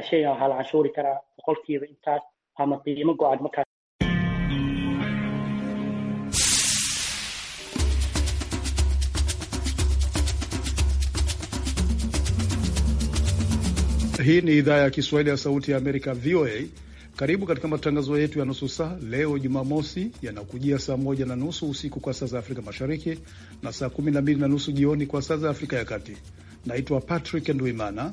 shay karaa boqolkiiba intaas ama qiimo go markaas Hii ni idhaa ya Kiswahili ya Sauti ya Amerika, VOA. Karibu katika matangazo yetu ya nusu saa leo Jumamosi, yanakujia saa moja na nusu usiku kwa saa za Afrika Mashariki na saa kumi na mbili na nusu jioni kwa saa za Afrika ya Kati. Naitwa Patrick Ndwimana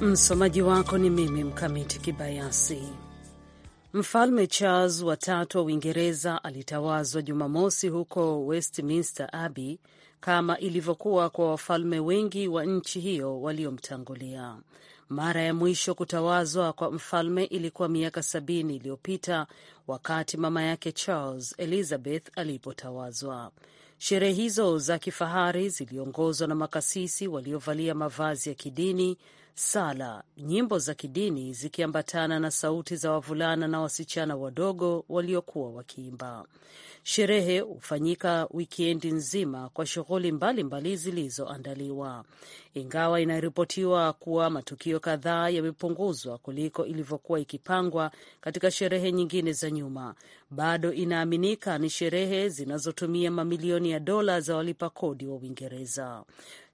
Msomaji wako ni mimi Mkamiti Kibayasi. Mfalme Charles watatu wa Uingereza alitawazwa Jumamosi huko Westminster Abbey kama ilivyokuwa kwa wafalme wengi wa nchi hiyo waliomtangulia. Mara ya mwisho kutawazwa kwa mfalme ilikuwa miaka sabini iliyopita wakati mama yake Charles Elizabeth alipotawazwa. Sherehe hizo za kifahari ziliongozwa na makasisi waliovalia mavazi ya kidini, sala, nyimbo za kidini zikiambatana na sauti za wavulana na wasichana wadogo waliokuwa wakiimba. Sherehe hufanyika wikendi nzima kwa shughuli mbalimbali zilizoandaliwa ingawa inaripotiwa kuwa matukio kadhaa yamepunguzwa kuliko ilivyokuwa ikipangwa katika sherehe nyingine za nyuma, bado inaaminika ni sherehe zinazotumia mamilioni ya dola za walipa kodi wa Uingereza.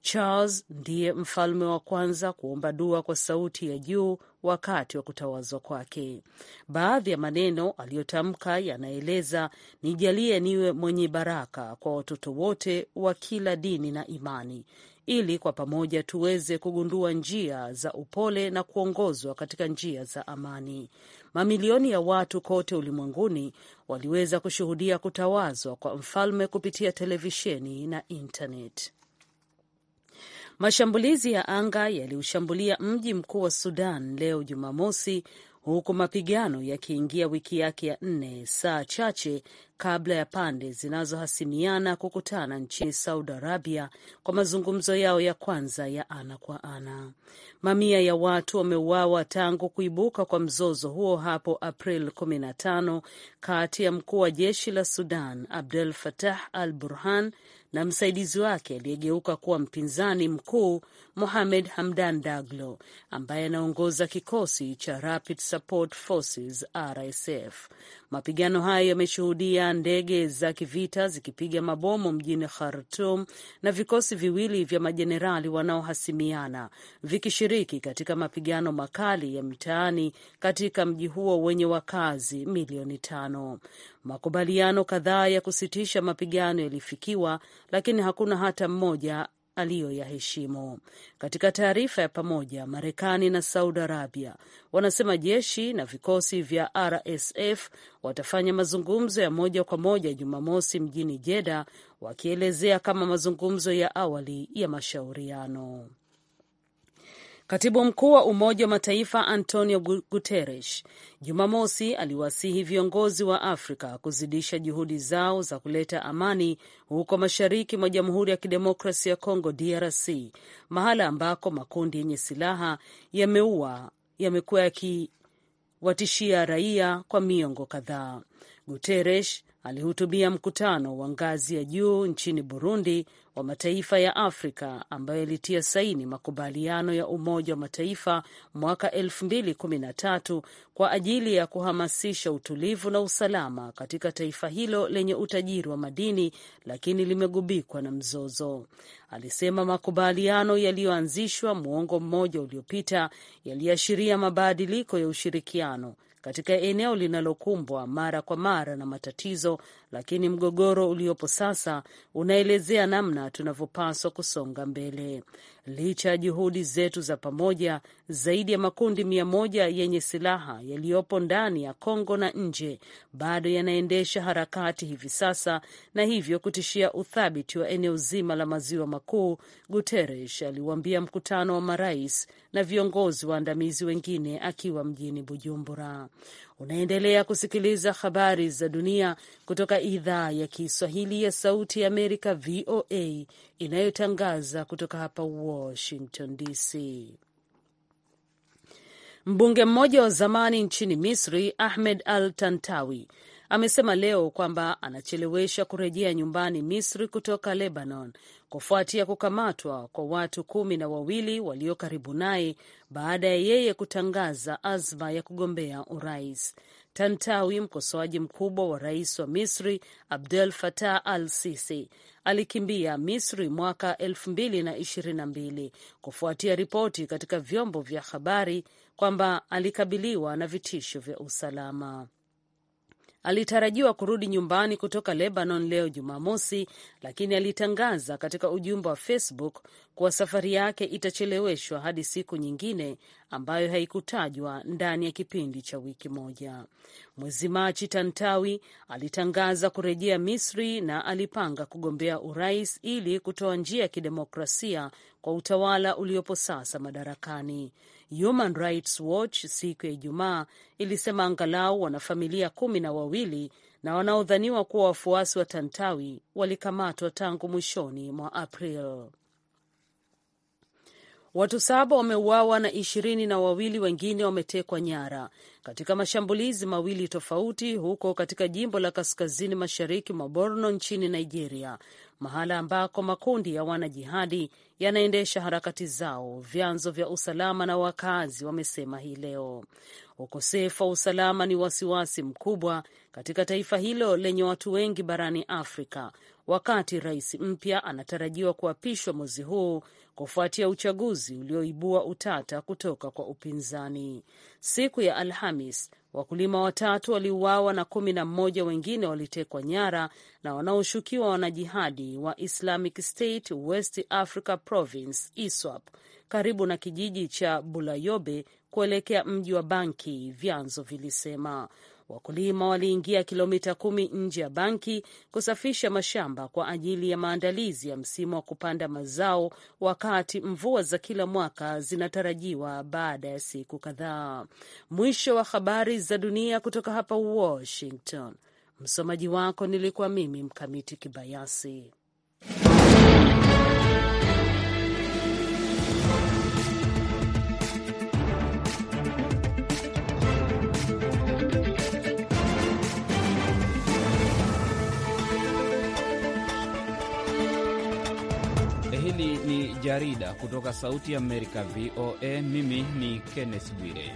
Charles ndiye mfalme wa kwanza kuomba dua kwa sauti ya juu wakati wa kutawazwa kwake. Baadhi ya maneno aliyotamka yanaeleza, nijalie niwe mwenye baraka kwa watoto wote wa kila dini na imani, ili kwa pamoja tuweze kugundua njia za upole na kuongozwa katika njia za amani. Mamilioni ya watu kote ulimwenguni waliweza kushuhudia kutawazwa kwa mfalme kupitia televisheni na intanet. Mashambulizi ya anga yaliushambulia mji mkuu wa Sudan leo Jumamosi, huku mapigano yakiingia wiki yake ya nne, saa chache kabla ya pande zinazohasimiana kukutana nchini Saudi Arabia kwa mazungumzo yao ya kwanza ya ana kwa ana. Mamia ya watu wameuawa tangu kuibuka kwa mzozo huo hapo April 15 kati ya mkuu wa jeshi la Sudan Abdel Fattah al Burhan na msaidizi wake aliyegeuka kuwa mpinzani mkuu Mohamed Hamdan Daglo ambaye anaongoza kikosi cha Rapid Support Forces RSF. Mapigano hayo yameshuhudia ndege za kivita zikipiga mabomu mjini Khartum na vikosi viwili vya majenerali wanaohasimiana vikishiriki katika mapigano makali ya mitaani katika mji huo wenye wakazi milioni tano. Makubaliano kadhaa ya kusitisha mapigano yalifikiwa, lakini hakuna hata mmoja aliyoyaheshimu. Katika taarifa ya pamoja, Marekani na Saudi Arabia wanasema jeshi na vikosi vya RSF watafanya mazungumzo ya moja kwa moja Jumamosi mjini Jeda, wakielezea kama mazungumzo ya awali ya mashauriano. Katibu mkuu wa Umoja wa Mataifa Antonio Guterres Jumamosi aliwasihi viongozi wa Afrika kuzidisha juhudi zao za kuleta amani huko mashariki mwa Jamhuri ya Kidemokrasia ya Kongo, DRC, mahala ambako makundi yenye silaha yameua yamekuwa yakiwatishia raia kwa miongo kadhaa. Guterres alihutubia mkutano wa ngazi ya juu nchini Burundi wa mataifa ya Afrika ambayo yalitia saini makubaliano ya Umoja wa Mataifa mwaka 2013 kwa ajili ya kuhamasisha utulivu na usalama katika taifa hilo lenye utajiri wa madini lakini limegubikwa na mzozo. Alisema makubaliano yaliyoanzishwa muongo mmoja uliopita yaliashiria mabadiliko ya ushirikiano katika eneo linalokumbwa mara kwa mara na matatizo, lakini mgogoro uliopo sasa unaelezea namna tunavyopaswa kusonga mbele. Licha ya juhudi zetu za pamoja, zaidi ya makundi mia moja yenye silaha yaliyopo ndani ya Kongo na nje bado yanaendesha harakati hivi sasa na hivyo kutishia uthabiti wa eneo zima la maziwa makuu, Guterres aliwaambia mkutano wa marais na viongozi waandamizi wengine akiwa mjini Bujumbura. Unaendelea kusikiliza habari za dunia kutoka idhaa ya Kiswahili ya Sauti ya Amerika, VOA, inayotangaza kutoka hapa Washington DC. Mbunge mmoja wa zamani nchini Misri, Ahmed Al Tantawi amesema leo kwamba anachelewesha kurejea nyumbani Misri kutoka Lebanon kufuatia kukamatwa kwa watu kumi na wawili walio karibu naye baada ya yeye kutangaza azma ya kugombea urais. Tantawi, mkosoaji mkubwa wa rais wa Misri Abdel Fattah al Sisi, alikimbia Misri mwaka elfu mbili na ishirini na mbili kufuatia ripoti katika vyombo vya habari kwamba alikabiliwa na vitisho vya usalama alitarajiwa kurudi nyumbani kutoka Lebanon leo Jumamosi, lakini alitangaza katika ujumbe wa Facebook kuwa safari yake itacheleweshwa hadi siku nyingine ambayo haikutajwa ndani ya kipindi cha wiki moja. Mwezi Machi, Tantawi alitangaza kurejea Misri na alipanga kugombea urais ili kutoa njia ya kidemokrasia kwa utawala uliopo sasa madarakani. Human Rights Watch siku ya Ijumaa ilisema angalau wanafamilia kumi na wawili na wanaodhaniwa kuwa wafuasi wa Tantawi walikamatwa tangu mwishoni mwa April. Watu saba wameuawa na ishirini na wawili wengine wametekwa nyara katika mashambulizi mawili tofauti huko katika jimbo la kaskazini mashariki mwa Borno nchini Nigeria mahala ambako makundi ya wanajihadi yanaendesha harakati zao, vyanzo vya usalama na wakazi wamesema hii leo. Ukosefu wa usalama ni wasiwasi mkubwa katika taifa hilo lenye watu wengi barani Afrika, wakati rais mpya anatarajiwa kuapishwa mwezi huu kufuatia uchaguzi ulioibua utata kutoka kwa upinzani siku ya Alhamis. Wakulima watatu waliuawa na kumi na mmoja wengine walitekwa nyara na wanaoshukiwa wanajihadi wa Islamic State West Africa Province ISWAP karibu na kijiji cha Bulayobe kuelekea mji wa Banki, vyanzo vilisema wakulima waliingia kilomita kumi nje ya banki kusafisha mashamba kwa ajili ya maandalizi ya msimu wa kupanda mazao, wakati mvua za kila mwaka zinatarajiwa baada ya siku kadhaa. Mwisho wa habari za dunia kutoka hapa Washington. Msomaji wako nilikuwa mimi Mkamiti Kibayasi. ni jarida kutoka Sauti ya Amerika, VOA. Mimi ni Kenneth Bwire.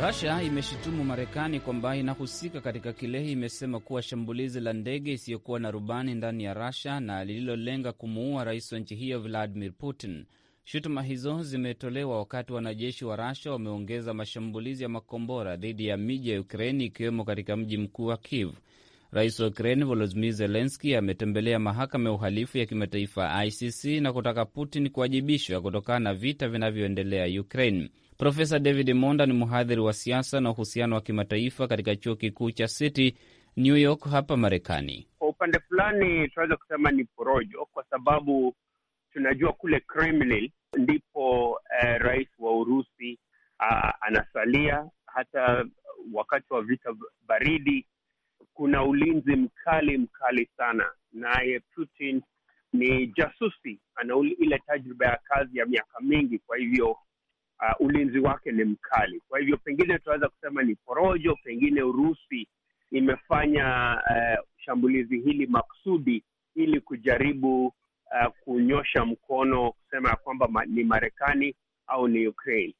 rasia imeshitumu Marekani kwamba inahusika katika kile imesema kuwa shambulizi la ndege isiyokuwa na rubani ndani ya rasia na lililolenga kumuua rais wa nchi hiyo Vladimir Putin. Shutuma hizo zimetolewa wakati wanajeshi wa Rasha wameongeza mashambulizi ya makombora dhidi ya miji ya Ukraini ikiwemo katika mji mkuu wa Kiev. Rais wa Ukraini Volodimir Zelenski ametembelea mahakama ya uhalifu ya kimataifa ICC na kutaka Putin kuwajibishwa kutokana na vita vinavyoendelea Ukraini. Profesa David Monda ni mhadhiri wa siasa na uhusiano wa kimataifa katika chuo kikuu cha City New York hapa Marekani. Kwa upande fulani tunaweza kusema ni porojo, kwa sababu tunajua kule Kremlin ndipo eh, rais wa Urusi ah, anasalia hata wakati wa vita baridi. Kuna ulinzi mkali mkali sana, naye Putin ni jasusi, ana ile tajriba ya kazi ya miaka mingi, kwa hivyo Uh, ulinzi wake ni mkali. Kwa hivyo pengine tunaweza kusema ni porojo, pengine Urusi imefanya uh, shambulizi hili maksudi ili kujaribu uh, kunyosha mkono kusema ya kwamba ma, ni Marekani au ni Ukraine.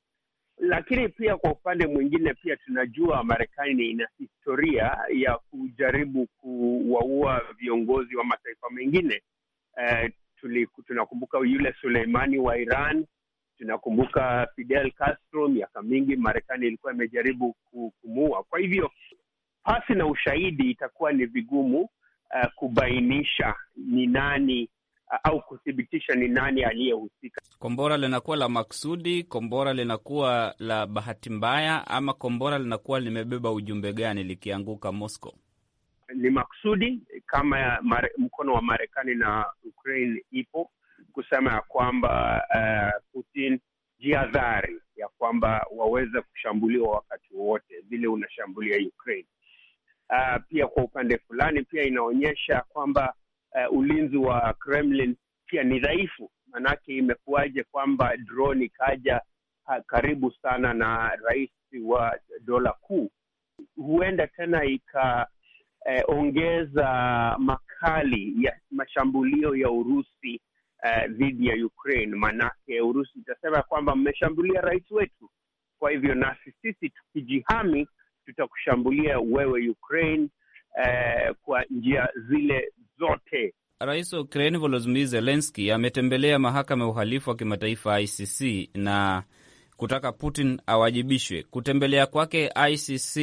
Lakini pia kwa upande mwingine, pia tunajua Marekani ina historia ya kujaribu kuwaua viongozi wa mataifa mengine. Uh, tuli, tunakumbuka yule Suleimani wa Iran, tunakumbuka Fidel Castro. Miaka mingi Marekani ilikuwa imejaribu kumuua. Kwa hivyo pasi na ushahidi itakuwa ni vigumu uh, kubainisha ni nani au kuthibitisha ni nani aliyehusika. Kombora linakuwa la maksudi, kombora linakuwa la bahati mbaya, ama kombora linakuwa limebeba ujumbe gani likianguka Moscow? Ni maksudi kama mare, mkono wa Marekani na Ukraine ipo kusema ya kwamba uh, Putin jiadhari ya kwamba waweza kushambuliwa wakati wowote vile unashambulia Ukraine. Uh, pia kwa upande fulani pia inaonyesha kwamba uh, ulinzi wa Kremlin pia ni dhaifu. Maanake imekuwaje kwamba drone ikaja uh, karibu sana na rais wa dola kuu? Huenda tena ikaongeza uh, makali ya mashambulio ya Urusi uh, dhidi uh, ya Ukraine. Maanake Urusi itasema kwamba mmeshambulia rais wetu, kwa hivyo nasi sisi tukijihami tutakushambulia wewe Ukraine eh, kwa njia zile zote. Rais wa Ukraini Volodymyr Zelenski ametembelea mahakama ya uhalifu wa kimataifa ICC na kutaka Putin awajibishwe. Kutembelea kwake ICC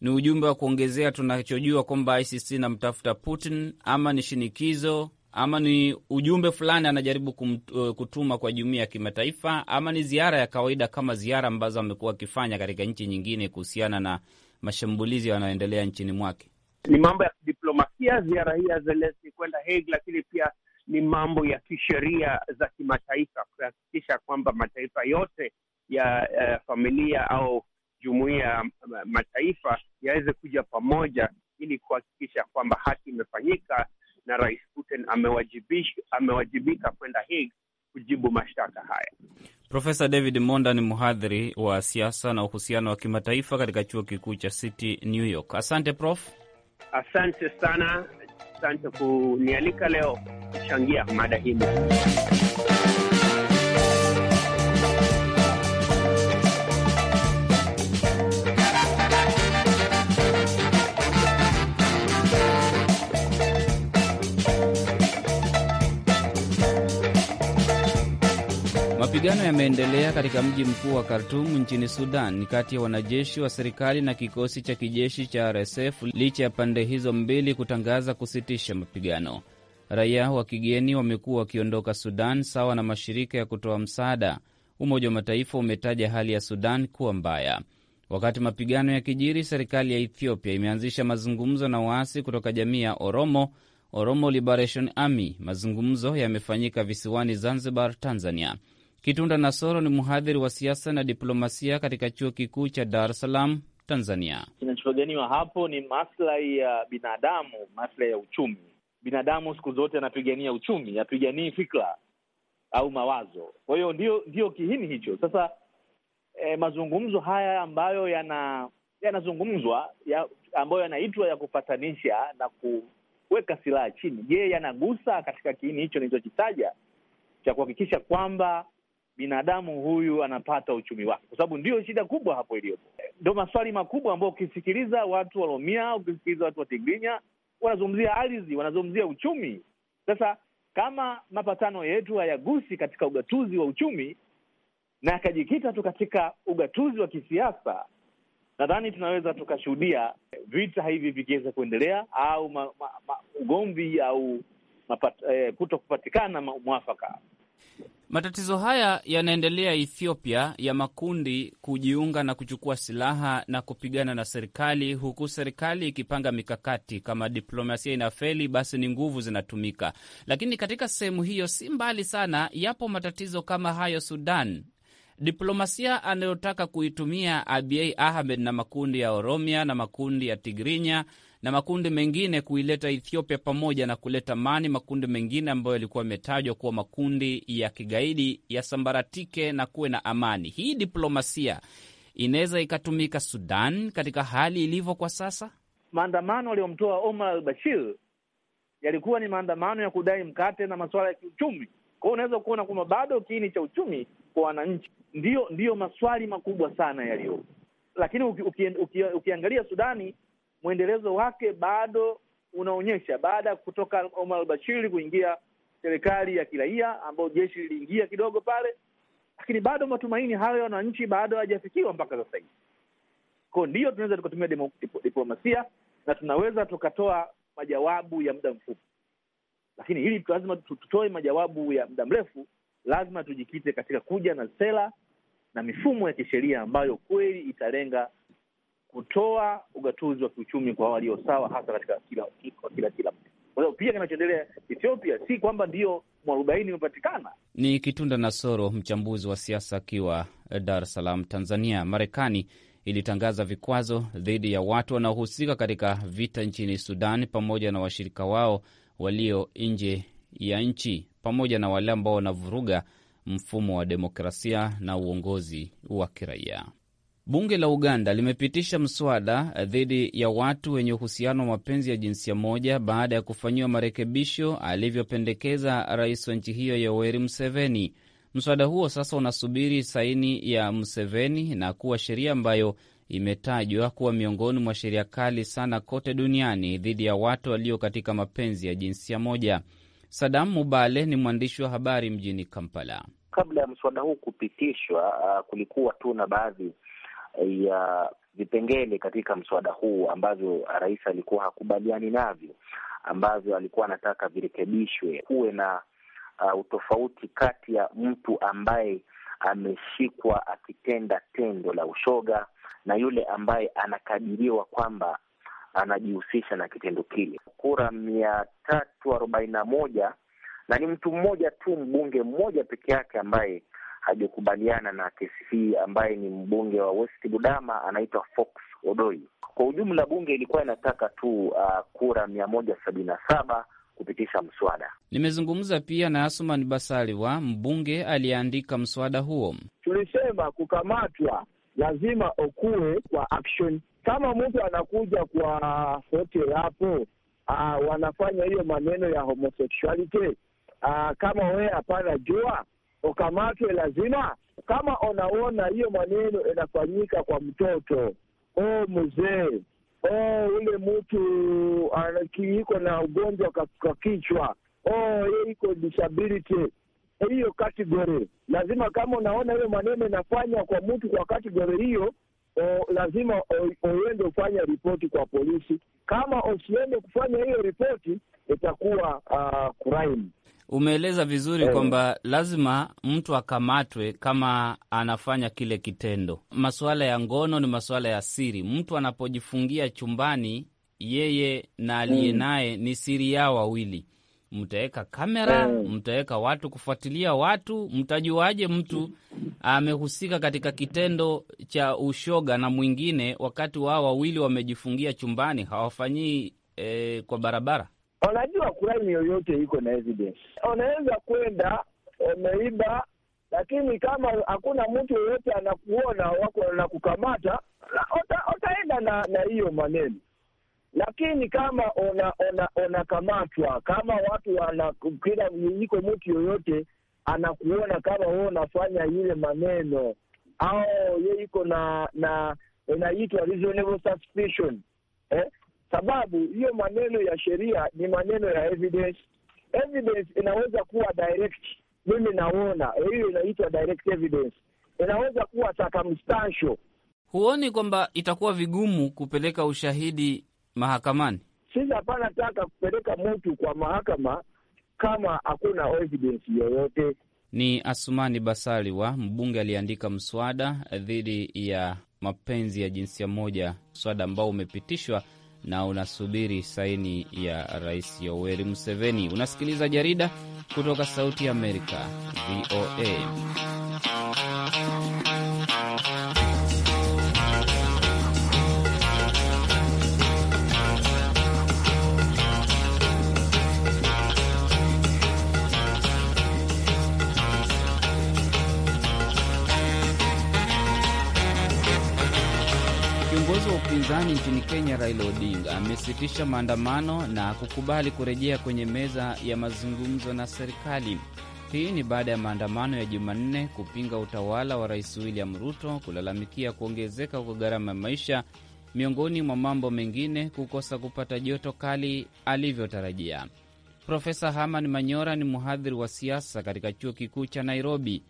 ni ujumbe wa kuongezea tunachojua kwamba ICC namtafuta Putin, ama ni shinikizo, ama ni ujumbe fulani anajaribu kum, eh, kutuma kwa jumuiya ya kimataifa, ama ni ziara ya kawaida kama ziara ambazo amekuwa akifanya katika nchi nyingine kuhusiana na mashambulizi yanayoendelea nchini mwake. Ni mambo ya kidiplomasia, ziara hii ya Zelenski kwenda Hague, lakini pia ni mambo ya kisheria za kimataifa, kuhakikisha kwamba mataifa yote ya uh, familia au jumuiya ya mataifa yaweze kuja pamoja ili kuhakikisha kwamba haki imefanyika na Rais Putin amewajibika kwenda Hague kujibu mashtaka haya. Profesa David Monda ni mhadhiri wa siasa na uhusiano wa kimataifa katika chuo kikuu cha City New York. Asante Prof. Asante sana, asante kunialika leo kuchangia mada hii. Mapigano yameendelea katika mji mkuu wa Khartum nchini Sudan kati ya wanajeshi wa serikali na kikosi cha kijeshi cha RSF licha ya pande hizo mbili kutangaza kusitisha mapigano. Raia wa kigeni wamekuwa wakiondoka Sudan sawa na mashirika ya kutoa msaada. Umoja wa Mataifa umetaja hali ya Sudan kuwa mbaya. Wakati mapigano ya kijiri, serikali ya Ethiopia imeanzisha mazungumzo na waasi kutoka jamii ya Oromo, Oromo Liberation Army. Mazungumzo yamefanyika visiwani Zanzibar, Tanzania. Kitunda Nasoro ni mhadhiri wa siasa na diplomasia katika chuo kikuu cha Dar es Salaam, Tanzania. Kinachopiganiwa hapo ni maslahi ya binadamu, maslahi ya uchumi. Binadamu siku zote anapigania uchumi, apiganii fikra au mawazo. Kwa hiyo ndio, ndio kiini hicho. Sasa eh, mazungumzo haya ambayo yana yanazungumzwa ya, ambayo yanaitwa ya kupatanisha na kuweka silaha chini, je, yanagusa katika kiini hicho nilichokitaja cha kuhakikisha kwamba binadamu huyu anapata uchumi wake, kwa sababu ndiyo shida kubwa hapo iliyopo. Ndo maswali makubwa ambayo ukisikiliza watu wa ukisikiliza watu wa Tigrinya wanazungumzia ardhi, wanazungumzia uchumi. Sasa kama mapatano yetu hayagusi katika ugatuzi wa uchumi na yakajikita tu katika ugatuzi wa kisiasa, nadhani tunaweza tukashuhudia vita hivi vikiweza kuendelea au ma, ma, ma, ugomvi au eh, kuto kupatikana mwafaka. Matatizo haya yanaendelea Ethiopia ya makundi kujiunga na kuchukua silaha na kupigana na serikali, huku serikali ikipanga mikakati. Kama diplomasia inafeli, basi ni nguvu zinatumika, lakini katika sehemu hiyo si mbali sana, yapo matatizo kama hayo Sudan. Diplomasia anayotaka kuitumia Abiy Ahmed na makundi ya Oromia na makundi ya Tigrinya na makundi mengine kuileta Ethiopia pamoja na kuleta amani. Makundi mengine ambayo yalikuwa yametajwa kuwa makundi ya kigaidi yasambaratike na kuwe na amani. Hii diplomasia inaweza ikatumika Sudan katika hali ilivyo kwa sasa. Maandamano aliyomtoa Omar al Bashir yalikuwa ni maandamano ya kudai mkate na masuala ya kiuchumi. Kwa hiyo unaweza kuona kwamba bado kiini cha uchumi kwa wananchi ndiyo ndiyo maswali makubwa sana yaliyo, lakini uki, uki, uki, ukiangalia Sudani mwendelezo wake bado unaonyesha baada ya kutoka Omar al bashiri kuingia serikali ya kiraia ambayo jeshi liliingia kidogo pale, lakini bado matumaini hayo ya wananchi bado hayajafikiwa mpaka sasa hivi. Kwa ndiyo tunaweza tukatumia diplomasia na tunaweza tukatoa majawabu ya muda mfupi, lakini hili lazima tutoe majawabu ya muda mrefu. Lazima tujikite katika kuja na sera na mifumo ya kisheria ambayo kweli italenga kutoa ugatuzi wa kiuchumi kwa walio sawa, hasa katika kila kila kila mtu. Kwa hiyo pia kinachoendelea Ethiopia si kwamba ndio mwarobaini umepatikana. Ni Kitunda Nasoro, mchambuzi wa siasa akiwa eh, Dar es Salaam, Tanzania. Marekani ilitangaza vikwazo dhidi ya watu wanaohusika katika vita nchini Sudan pamoja na washirika wao walio nje ya nchi pamoja na wale ambao wanavuruga mfumo wa demokrasia na uongozi wa kiraia. Bunge la Uganda limepitisha mswada eh, dhidi ya watu wenye uhusiano wa mapenzi ya jinsia moja baada ya kufanyiwa marekebisho alivyopendekeza rais wa nchi hiyo Yoweri Museveni. Mswada huo sasa unasubiri saini ya Museveni na kuwa sheria ambayo imetajwa kuwa miongoni mwa sheria kali sana kote duniani dhidi ya watu walio katika mapenzi ya jinsia moja. Sadam Mubale ni mwandishi wa habari mjini Kampala. Kabla ya mswada huu kupitishwa, ah, kulikuwa tu na baadhi ya vipengele katika mswada huu ambavyo rais alikuwa hakubaliani navyo, ambavyo alikuwa anataka virekebishwe, kuwe na uh, utofauti kati ya mtu ambaye ameshikwa akitenda tendo la ushoga na yule ambaye anakadiriwa kwamba anajihusisha na kitendo kile. Kura mia tatu arobaini na moja na ni mtu mmoja tu, mbunge mmoja peke yake ambaye hajakubaliana na kesi hii, ambaye ni mbunge wa West Budama anaitwa Fox Odoi. Kwa ujumla, bunge ilikuwa inataka tu uh, kura mia moja sabini na saba kupitisha mswada. Nimezungumza pia na Asuman Basaliwa, mbunge aliyeandika mswada huo. Tulisema kukamatwa lazima okuwe kwa action. Kama mtu anakuja kwa hotel hapo, uh, wanafanya hiyo maneno ya homosexuality uh, kama wewe hapana jua ukamatwe lazima. Kama unaona hiyo maneno inafanyika kwa mtoto o mzee o ule mtu iko na ugonjwa kwa kichwa o ye iko disability hiyo kategori, lazima kama unaona hiyo maneno inafanywa kwa mtu kwa kategori hiyo O, lazima uende kufanya ripoti kwa polisi. Kama usiende kufanya hiyo ripoti itakuwa uh, crime umeeleza vizuri yeah, kwamba lazima mtu akamatwe kama anafanya kile kitendo. Masuala ya ngono ni masuala ya siri. Mtu anapojifungia chumbani, yeye na aliye mm. naye ni siri yao wawili. Mtaweka kamera, eh. mtaweka watu kufuatilia watu, mtajuaje mtu amehusika katika kitendo cha ushoga na mwingine, wakati wao wawili wamejifungia chumbani, hawafanyii eh, kwa barabara? Unajua crime yoyote iko na evidence, unaweza kwenda umeiba, lakini kama hakuna mtu yoyote anakuona wako na kukamata, utaenda na na hiyo maneno lakini kama unakamatwa ona, ona kama watu wana kila iko mtu yoyote anakuona kama wewe unafanya ile maneno au ye iko na na inaitwa reasonable suspicion eh? sababu hiyo maneno ya sheria ni maneno ya evidence. Evidence inaweza kuwa direct, mimi naona hiyo inaitwa direct evidence, inaweza kuwa circumstantial. Huoni kwamba itakuwa vigumu kupeleka ushahidi mahakamani? Sisi hapana taka kupeleka mtu kwa mahakama kama hakuna evidence yoyote. Ni Asumani basaliwa wa mbunge aliyeandika mswada dhidi ya mapenzi ya jinsia moja, mswada ambao umepitishwa na unasubiri saini ya Rais Yoweri Museveni. Unasikiliza jarida kutoka Sauti ya Amerika, VOA. upinzani nchini Kenya Raila Odinga amesitisha maandamano na kukubali kurejea kwenye meza ya mazungumzo na serikali. Hii ni baada ya maandamano ya Jumanne kupinga utawala wa Rais William Ruto, kulalamikia kuongezeka kwa gharama ya maisha, miongoni mwa mambo mengine, kukosa kupata joto kali alivyotarajia. Profesa Herman Manyora ni mhadhiri wa siasa katika chuo kikuu cha Nairobi.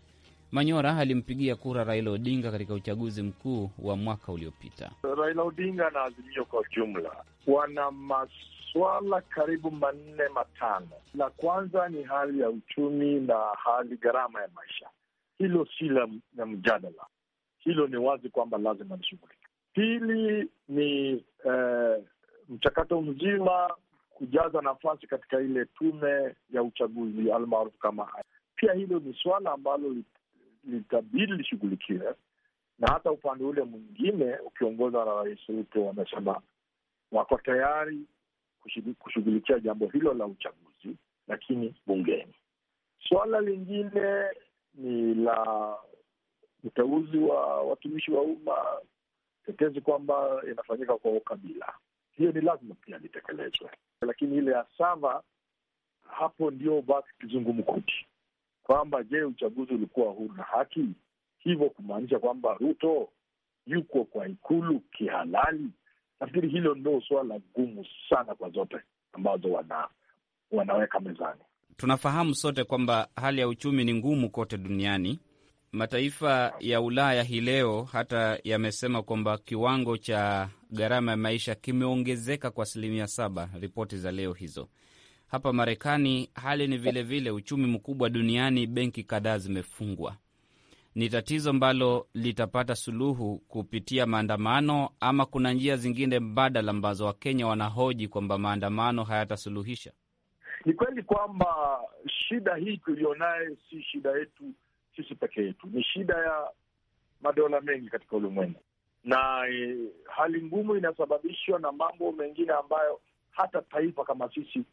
Manyora alimpigia kura Raila Odinga katika uchaguzi mkuu wa mwaka uliopita. Raila Odinga na Azimio kwa ujumla wana maswala karibu manne matano. La kwanza ni hali ya uchumi na hali gharama ya maisha, hilo si la mjadala, hilo ni wazi kwamba lazima lishughulika. Pili ni eh, mchakato mzima kujaza nafasi katika ile tume ya uchaguzi almaarufu kama pia hilo ni swala ambalo litabidi lishughulikiwe, na hata upande ule mwingine ukiongozwa na Rais Ruto wamesema wako tayari kushughulikia jambo hilo la uchaguzi, lakini bungeni. Suala lingine ni la uteuzi wa watumishi wa umma, tetezi kwamba inafanyika kwa ukabila. Hiyo ni lazima pia litekelezwe, lakini ile ya sava hapo ndio basi kizungumkuti kwamba je, uchaguzi ulikuwa huru na haki? Hivyo kumaanisha kwamba Ruto yuko kwa ikulu kihalali? Nafikiri hilo ndo suala gumu sana kwa zote ambazo wana, wanaweka mezani. Tunafahamu sote kwamba hali ya uchumi ni ngumu kote duniani. Mataifa ya Ulaya hii leo hata yamesema kwamba kiwango cha gharama ya maisha kimeongezeka kwa asilimia saba, ripoti za leo hizo. Hapa Marekani hali ni vilevile vile, uchumi mkubwa duniani, benki kadhaa zimefungwa. Ni tatizo ambalo litapata suluhu kupitia maandamano ama kuna njia zingine mbadala ambazo Wakenya wanahoji kwamba maandamano hayatasuluhisha? Ni kweli kwamba shida hii tulionayo si shida yetu sisi peke yetu, ni shida ya madola mengi katika ulimwengu, na e, hali ngumu inasababishwa na mambo mengine ambayo hata taifa kama sisi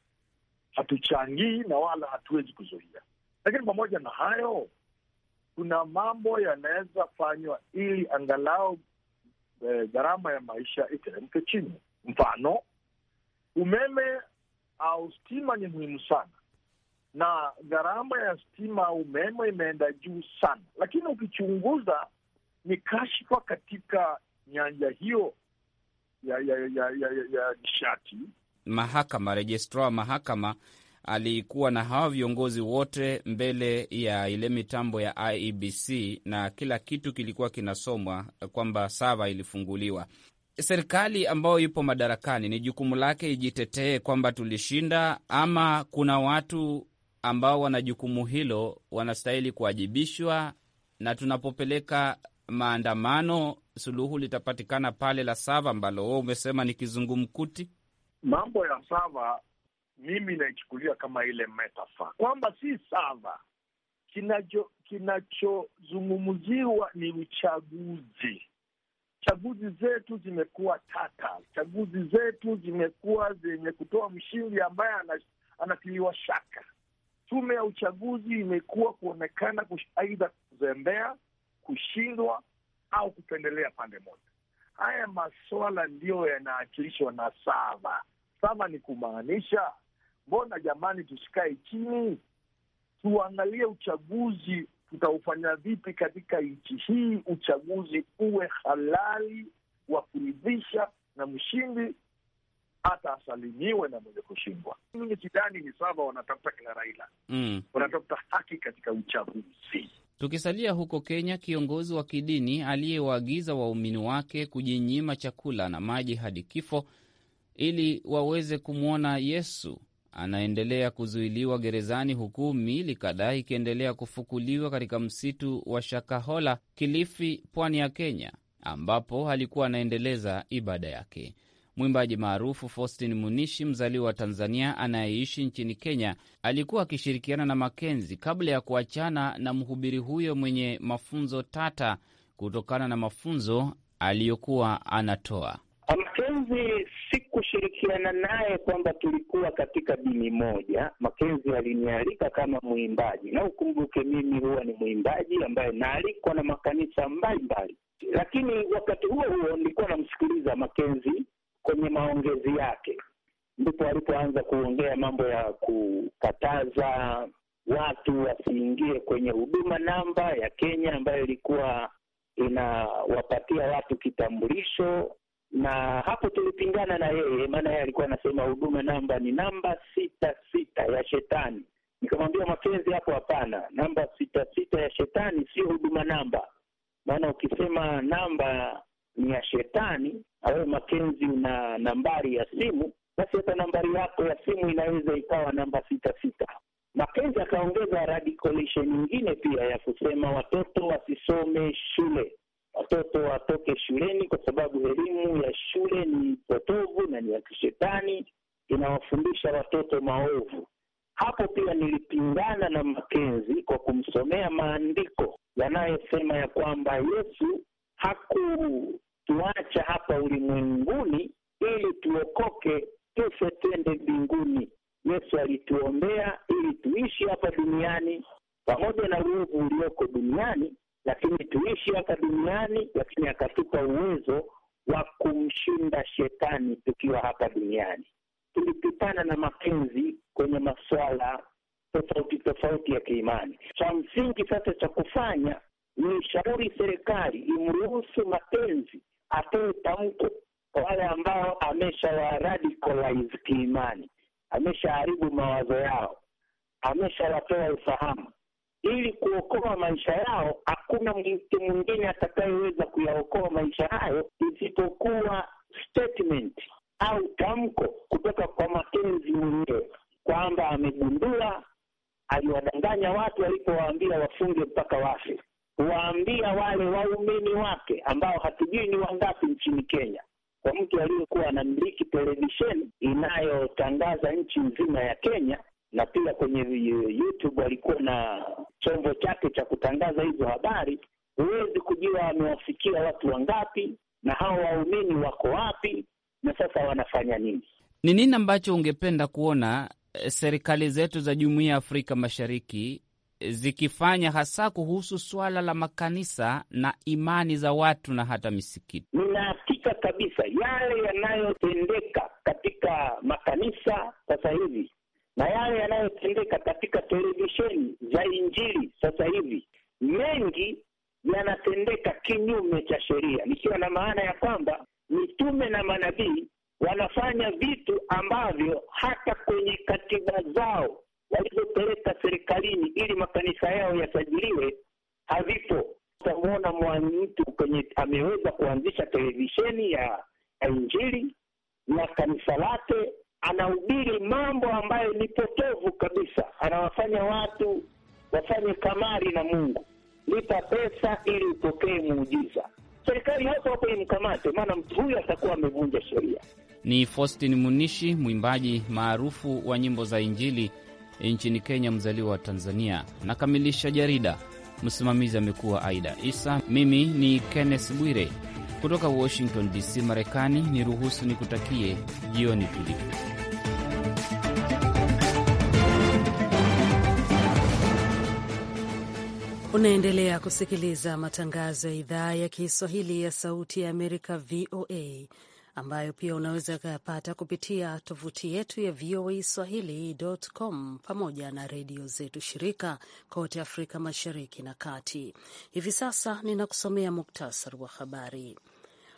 hatuchangii na wala hatuwezi kuzuia. Lakini pamoja na hayo, kuna mambo yanaweza fanywa ili angalau e, gharama ya maisha iteremke chini. Mfano, umeme au stima ni muhimu sana, na gharama ya stima au umeme imeenda juu sana, lakini ukichunguza ni kashfa katika nyanja hiyo ya ya ya ya, ya, ya nishati mahakama, rejistra wa mahakama alikuwa na hawa viongozi wote mbele ya ile mitambo ya IEBC na kila kitu kilikuwa kinasomwa kwamba sava ilifunguliwa. Serikali ambayo ipo madarakani ni jukumu lake ijitetee kwamba tulishinda, ama kuna watu ambao wana jukumu hilo wanastahili kuwajibishwa. Na tunapopeleka maandamano, suluhu litapatikana pale la sava ambalo wewe umesema ni kizungumkuti mambo ya sava mimi naichukulia kama ile metafa kwamba si sava kinacho kinachozungumziwa ni uchaguzi. Chaguzi zetu zimekuwa tata, chaguzi zetu zimekuwa zenye kutoa mshindi ambaye anatiliwa shaka. Tume ya uchaguzi imekuwa kuonekana aidha kuzembea, kushindwa au kupendelea pande moja haya maswala ndiyo yanaakilishwa na sava. Sava ni kumaanisha, mbona jamani, tusikae chini tuangalie uchaguzi tutaufanya vipi katika nchi hii, uchaguzi uwe halali wa kuridhisha, na mshindi hata asalimiwe na mwenye kushindwa. Mimi sidhani ni sava wanatafuta kila Raila mm, wanatafuta haki katika uchaguzi. Tukisalia huko Kenya, kiongozi wa kidini aliyewaagiza waumini wake kujinyima chakula na maji hadi kifo ili waweze kumwona Yesu anaendelea kuzuiliwa gerezani, huku miili kadhaa ikiendelea kufukuliwa katika msitu wa Shakahola, Kilifi, pwani ya Kenya, ambapo alikuwa anaendeleza ibada yake. Mwimbaji maarufu Faustin Munishi, mzaliwa wa Tanzania anayeishi nchini Kenya, alikuwa akishirikiana na Makenzi kabla ya kuachana na mhubiri huyo mwenye mafunzo tata kutokana na mafunzo aliyokuwa anatoa. Makenzi sikushirikiana naye kwamba tulikuwa katika dini moja. Makenzi alinialika kama mwimbaji, na ukumbuke mimi huwa ni mwimbaji ambaye naalikwa na makanisa mbalimbali, lakini wakati huo huo nilikuwa namsikiliza Makenzi kwenye maongezi yake ndipo alipoanza kuongea mambo ya kukataza watu wasiingie kwenye huduma namba ya Kenya ambayo ilikuwa inawapatia watu kitambulisho, na hapo tulipingana na yeye, maana yeye alikuwa anasema huduma namba ni namba sita sita ya shetani. Nikamwambia mapenzi hapo hapana, namba sita sita ya shetani sio huduma namba, maana ukisema namba ni ya shetani au Makenzi una nambari ya simu, basi hata nambari yako ya simu inaweza ikawa namba sita sita. Makenzi akaongeza radicalisha nyingine pia ya kusema watoto wasisome shule, watoto watoke shuleni, kwa sababu elimu ya shule ni potovu na ni ya kishetani, inawafundisha watoto maovu. Hapo pia nilipingana na Makenzi kwa kumsomea maandiko yanayosema ya kwamba Yesu haku tuacha hapa ulimwenguni ili tuokoke, tufe twende mbinguni. Yesu alituombea ili tuishi hapa duniani pamoja na uovu ulioko duniani, lakini tuishi hapa duniani, lakini akatupa uwezo wa kumshinda shetani tukiwa hapa duniani. Tulipitana na mapenzi kwenye masuala tofauti tofauti ya kiimani. Cha msingi sasa cha kufanya ni shauri serikali imruhusu mapenzi atoe tamko kwa wale ambao radicalize kiimani, ameshaharibu mawazo yao, ameshawatoa ufahamu. Ili kuokoa maisha yao, hakuna mtu mwingine atakayeweza kuyaokoa maisha hayo isipokuwa statement au tamko kutoka kwa Makenzi mwenyewe kwamba amegundua aliwadanganya watu alipowaambia wafunge mpaka wafe kuwaambia wale waumini wake ambao hatujui ni wangapi nchini Kenya, kwa mtu aliyekuwa anamiliki televisheni inayotangaza nchi nzima ya Kenya na pia kwenye YouTube alikuwa na chombo chake cha kutangaza hizo habari. Huwezi kujua amewafikia watu wangapi na hao waumini wako wapi na sasa wanafanya nini. Ni nini ambacho ungependa kuona eh, serikali zetu za Jumuiya ya Afrika Mashariki zikifanya hasa kuhusu suala la makanisa na imani za watu na hata misikiti. Nina hakika kabisa yale yanayotendeka katika makanisa sasa hivi na yale yanayotendeka katika televisheni za Injili sasa hivi, mengi yanatendeka kinyume cha sheria, nikiwa na maana ya kwamba mitume na manabii wanafanya vitu ambavyo hata kwenye katiba zao walivyopeleka serikalini ili makanisa yao yasajiliwe havipo. Utamwona mtu kwenye ameweza kuanzisha televisheni ya, ya Injili na kanisa lake anahubiri mambo ambayo ni potovu kabisa, anawafanya watu wafanye kamari na Mungu. Lipa pesa ili upokee muujiza. Serikali hapo hapo imkamate, maana mtu huyo atakuwa amevunja sheria. Ni Faustin Munishi, mwimbaji maarufu wa nyimbo za Injili nchini Kenya, mzaliwa wa Tanzania. Nakamilisha jarida. Msimamizi amekuwa Aida Isa. Mimi ni Kenneth Bwire kutoka Washington DC, Marekani. Ni ruhusu nikutakie jioni tulivu. Unaendelea kusikiliza matangazo ya idhaa ya Kiswahili ya Sauti ya Amerika, VOA, ambayo pia unaweza kuyapata kupitia tovuti yetu ya VOA Swahili.com pamoja na redio zetu shirika kote Afrika Mashariki na Kati. Hivi sasa ninakusomea muktasari wa habari.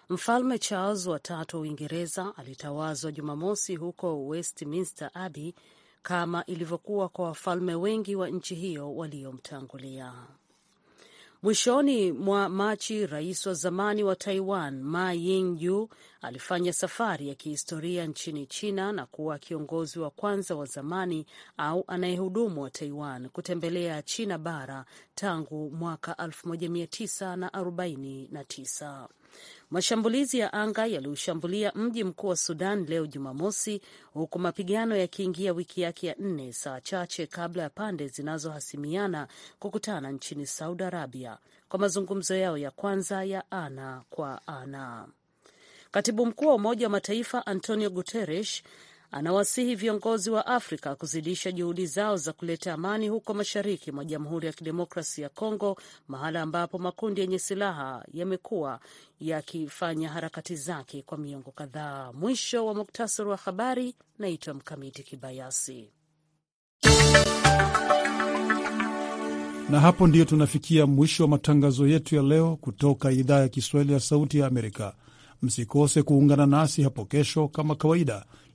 Mfalme Charles watatu wa Uingereza alitawazwa Jumamosi huko Westminster Abbey kama ilivyokuwa kwa wafalme wengi wa nchi hiyo waliomtangulia. Mwishoni mwa Machi, rais wa zamani wa Taiwan Ma Ying-jeou alifanya safari ya kihistoria nchini China na kuwa kiongozi wa kwanza wa zamani au anayehudumu wa Taiwan kutembelea China bara tangu mwaka 1949. Mashambulizi ya anga yaliushambulia mji mkuu wa Sudan leo Jumamosi, huku mapigano yakiingia wiki yake ya nne, saa chache kabla ya pande zinazohasimiana kukutana nchini Saudi Arabia kwa mazungumzo yao ya kwanza ya ana kwa ana. Katibu mkuu wa Umoja wa Mataifa Antonio Guterres anawasihi viongozi wa Afrika kuzidisha juhudi zao za kuleta amani huko mashariki mwa Jamhuri ya Kidemokrasi ya Kongo, mahala ambapo makundi yenye silaha yamekuwa yakifanya harakati zake kwa miongo kadhaa. Mwisho wa muktasari wa habari. Naitwa Mkamiti Kibayasi. Na hapo ndiyo tunafikia mwisho wa matangazo yetu ya leo kutoka idhaa ya Kiswahili ya Sauti ya Amerika. Msikose kuungana nasi hapo kesho kama kawaida